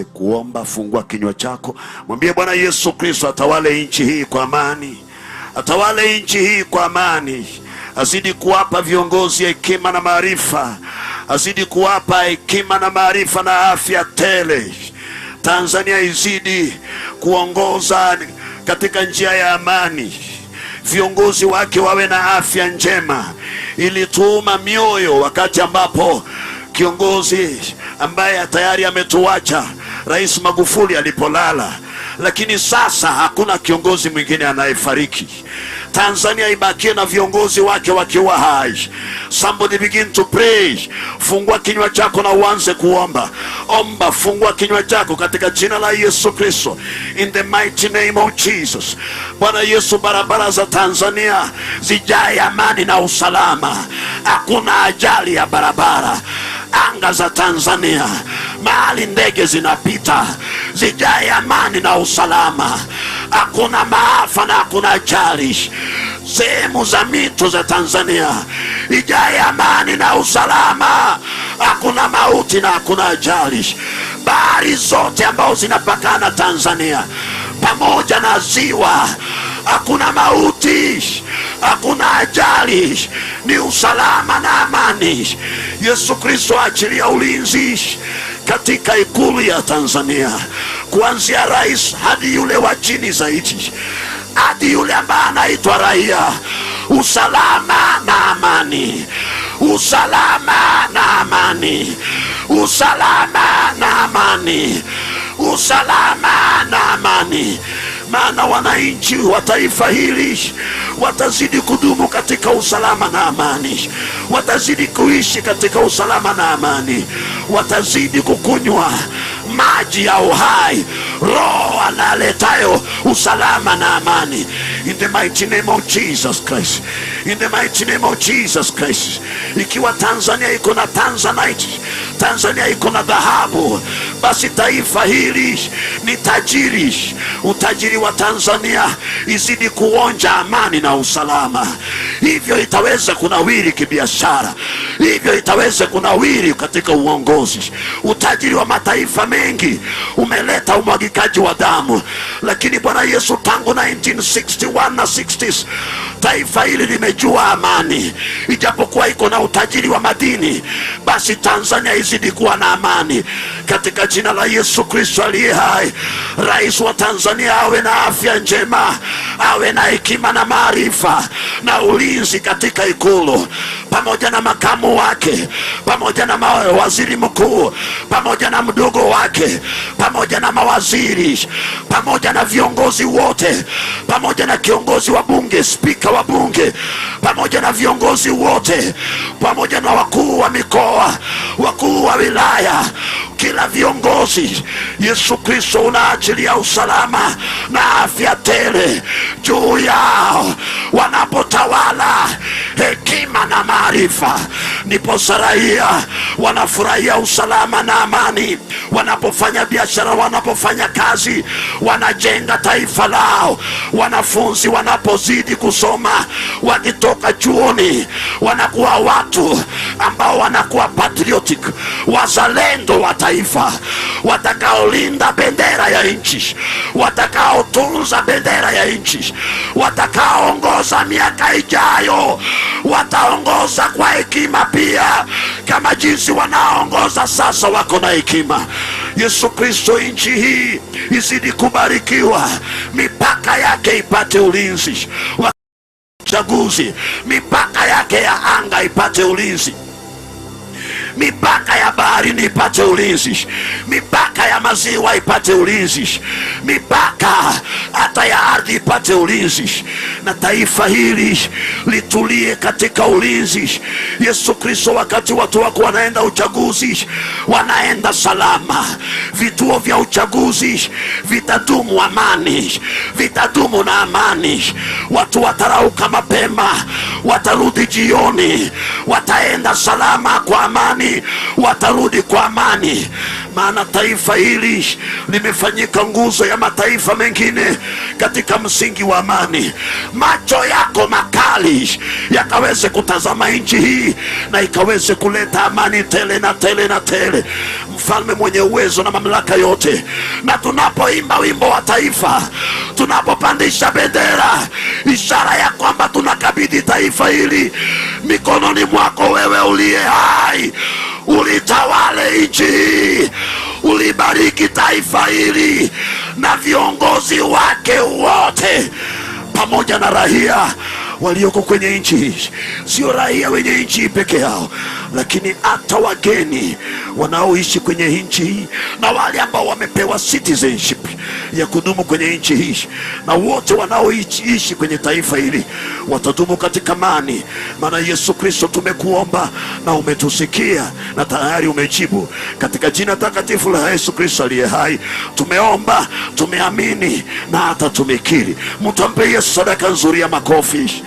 kuomba. Fungua kinywa chako, mwambie Bwana Yesu Kristo atawale nchi hii kwa amani, atawale nchi hii kwa amani, azidi kuwapa viongozi hekima na maarifa, azidi kuwapa hekima na maarifa na afya tele. Tanzania izidi kuongoza katika njia ya amani, viongozi wake wawe na afya njema, ili tuuma mioyo wakati ambapo kiongozi ambaye tayari ametuacha Rais Magufuli alipolala, lakini sasa hakuna kiongozi mwingine anayefariki. Tanzania ibakie na viongozi wake wakiwa hai. Somebody begin to pray. Fungua kinywa chako na uanze kuomba. Omba, fungua kinywa chako katika jina la Yesu Kristo, in the mighty name of Jesus. Bwana Yesu, barabara za Tanzania zijae amani na usalama, hakuna ajali ya barabara. Anga za Tanzania mahali ndege zinapita, zijae amani na usalama, hakuna maafa na hakuna ajali. Sehemu za mito za Tanzania ijae amani na usalama, hakuna mauti na hakuna ajali. Bahari zote ambazo zinapakana Tanzania pamoja na ziwa hakuna mauti, hakuna ajali, ni usalama na amani. Yesu Kristo aachilia ulinzi katika ikulu ya Tanzania, kuanzia rais hadi yule wa chini zaidi, hadi yule ambaye anaitwa raia. Usalama na amani, usalama na amani, usalama na amani, usalama na amani maana wananchi wa taifa hili watazidi kudumu katika usalama na amani, watazidi kuishi katika usalama na amani, watazidi kukunywa maji ya uhai, Roho analetayo usalama na amani. In the mighty name of Jesus Christ, in the mighty name of Jesus Christ. Ikiwa Tanzania iko na tanzanite, Tanzania iko na dhahabu basi taifa hili ni tajiri. Utajiri wa Tanzania izidi kuonja amani na usalama, hivyo itaweza kunawiri kibiashara, hivyo itaweza kunawiri katika uongozi. Utajiri wa mataifa mengi umeleta umwagikaji wa damu, lakini Bwana Yesu tangu 1961 na 60s taifa hili limejua amani, ijapokuwa iko na utajiri wa madini, basi Tanzania izidi kuwa na amani katika jina la Yesu Kristo aliye hai. Rais wa Tanzania awe na afya njema, awe na hekima na maarifa na ulinzi katika Ikulu, pamoja na makamu wake, pamoja na waziri mkuu, pamoja na mdogo wake, pamoja na mawaziri, pamoja na viongozi wote, pamoja na kiongozi wa bunge, spika wabunge pamoja na viongozi wote pamoja na wakuu wa mikoa, wakuu wa wilaya kila viongozi. Yesu Kristo unaachilia usalama na afya tele juu yao wanapotawala hekima na maarifa, ndipo saraia wanafurahia usalama na amani. Wanapofanya biashara, wanapofanya kazi, wanajenga taifa lao. Wanafunzi wanapozidi kusoma, wakitoka chuoni, wanakuwa watu ambao wanakuwa patriotic, wazalendo wa taifa taifa, watakaolinda bendera ya nchi, watakaotunza bendera ya nchi, watakaoongoza miaka ijayo, wataongoza kwa hekima pia, kama jinsi wanaoongoza sasa wako na hekima. Yesu Kristo, nchi hii izidi kubarikiwa, mipaka yake ipate ulinzi, uchaguzi, mipaka yake ya anga ipate ulinzi mipaka ya baharini ipate ulinzi, mipaka ya maziwa ipate ulinzi, mipaka hata ya ardhi ipate ulinzi, na taifa hili litulie katika ulinzi. Yesu Kristo, wakati watu wako wanaenda uchaguzi, wanaenda salama. Vituo vya uchaguzi vitadumu amani, vitadumu na amani. Watu watarauka mapema watarudi jioni, wataenda salama kwa amani, watarudi kwa amani maana taifa hili limefanyika nguzo ya mataifa mengine katika msingi wa amani. Macho yako makali yakaweze kutazama nchi hii na ikaweze kuleta amani tele na tele na tele. Mfalme mwenye uwezo na mamlaka yote, na tunapoimba wimbo wa taifa, tunapopandisha bendera, ishara ya kwamba tunakabidhi taifa hili mikononi mwako, wewe uliye hai, ulitawale nchi hii ulibariki taifa hili na viongozi wake wote pamoja na rahia walioko kwenye nchi hii, sio raia wenye nchi hii peke yao, lakini hata wageni wanaoishi kwenye nchi hii na wale ambao wamepewa citizenship ya kudumu kwenye nchi hii, na wote wanaoishi kwenye taifa hili watadumu katika amani, maana Yesu Kristo, tumekuomba na umetusikia na tayari umejibu. Katika jina takatifu la Yesu Kristo aliye hai, tumeomba, tumeamini na hata tumekiri. Mtampe Yesu sadaka nzuri ya makofi.